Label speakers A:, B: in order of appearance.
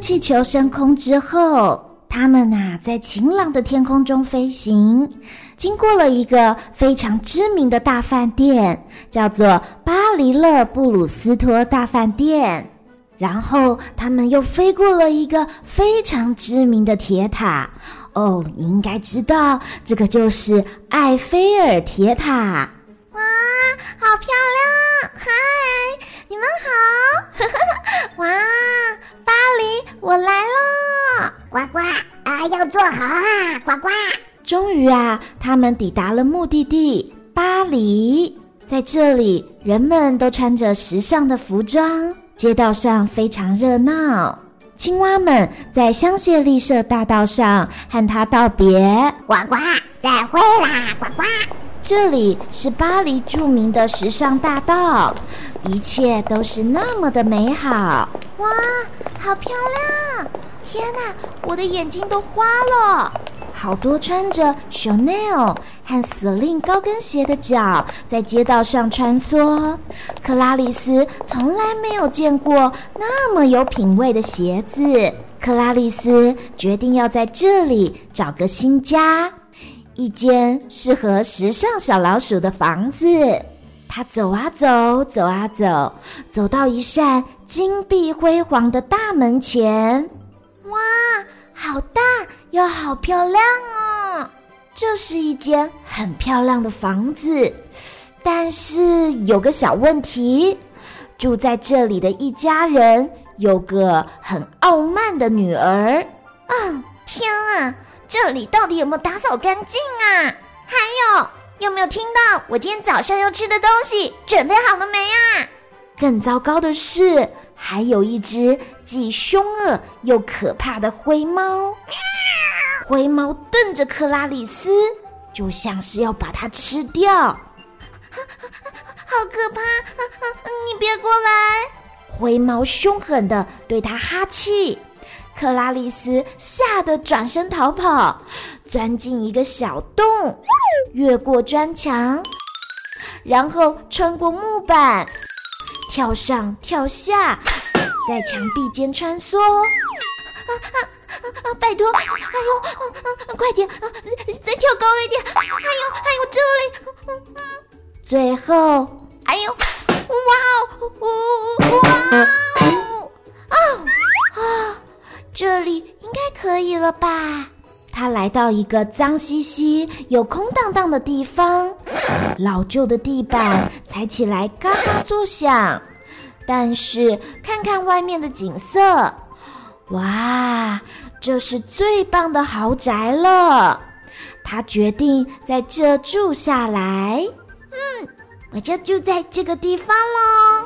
A: 氣球升空之後，他們吶、啊、在晴朗的天空中飛行，經過了一個非常知名的大飯店，叫做巴黎勒布魯斯托大飯店。然後他們又飛過了一個非常知名的鐵塔，哦，你應該知道這個就是埃菲爾鐵塔。哇，好漂亮！嗨，你們好。哇。 做好啦、啊，呱呱！終於啊，他們抵達了目的地巴黎。在這裡，人們都穿着時尚的服裝，街道上非常熱鬧。青蛙們在香榭麗舍大道上和她道別，呱呱，再會啦，呱呱！這裡是巴黎著名的時尚大道，一切都是那麼的美好。哇，好漂亮！天哪，我的眼睛都花了！好多穿着 Chanel 和 Celine 高跟鞋的腳在街道上穿梭。克拉麗斯從來沒有見過那麼有品位的鞋子。克拉麗斯決定要在這裡找個新家，一間適合時尚小老鼠的房子。她走啊走，走啊走，走到一扇金碧輝煌的大門前。哇，好大又好漂亮哦！這是一間很漂亮的房子，但是有個小問題：住在這裡的一家人，有個很傲慢的女兒。嗯、哦，天啊！這裡到底有沒有打掃乾淨啊？還有，有沒有聽到我今天早上要吃的東西準備好了沒啊？更糟糕的是。還有一隻既兇惡又可怕的灰貓。灰貓瞪着克拉麗絲，就像是要把它吃掉。好可怕！你別過來！灰貓兇狠地對他哈氣，克拉麗絲嚇得轉身逃跑，鑽進一個小洞，越過磚牆，然後穿過木板。跳上跳下，在牆壁間穿梭。啊啊啊啊！拜託，哎呦，啊啊、快點，啊、再再跳高一點。還有還有這裡，嗯嗯、最後，哎呦，哇哦，嗚嗚嗚嗚，啊啊，這裡應該可以了吧。他來到一個髒兮兮、又空蕩蕩的地方，老舊的地板踩起來嘎嘎作響。但是看看外面的景色，哇，這是最棒的豪宅了！他決定在這住下來。嗯，我就住在這個地方嘍。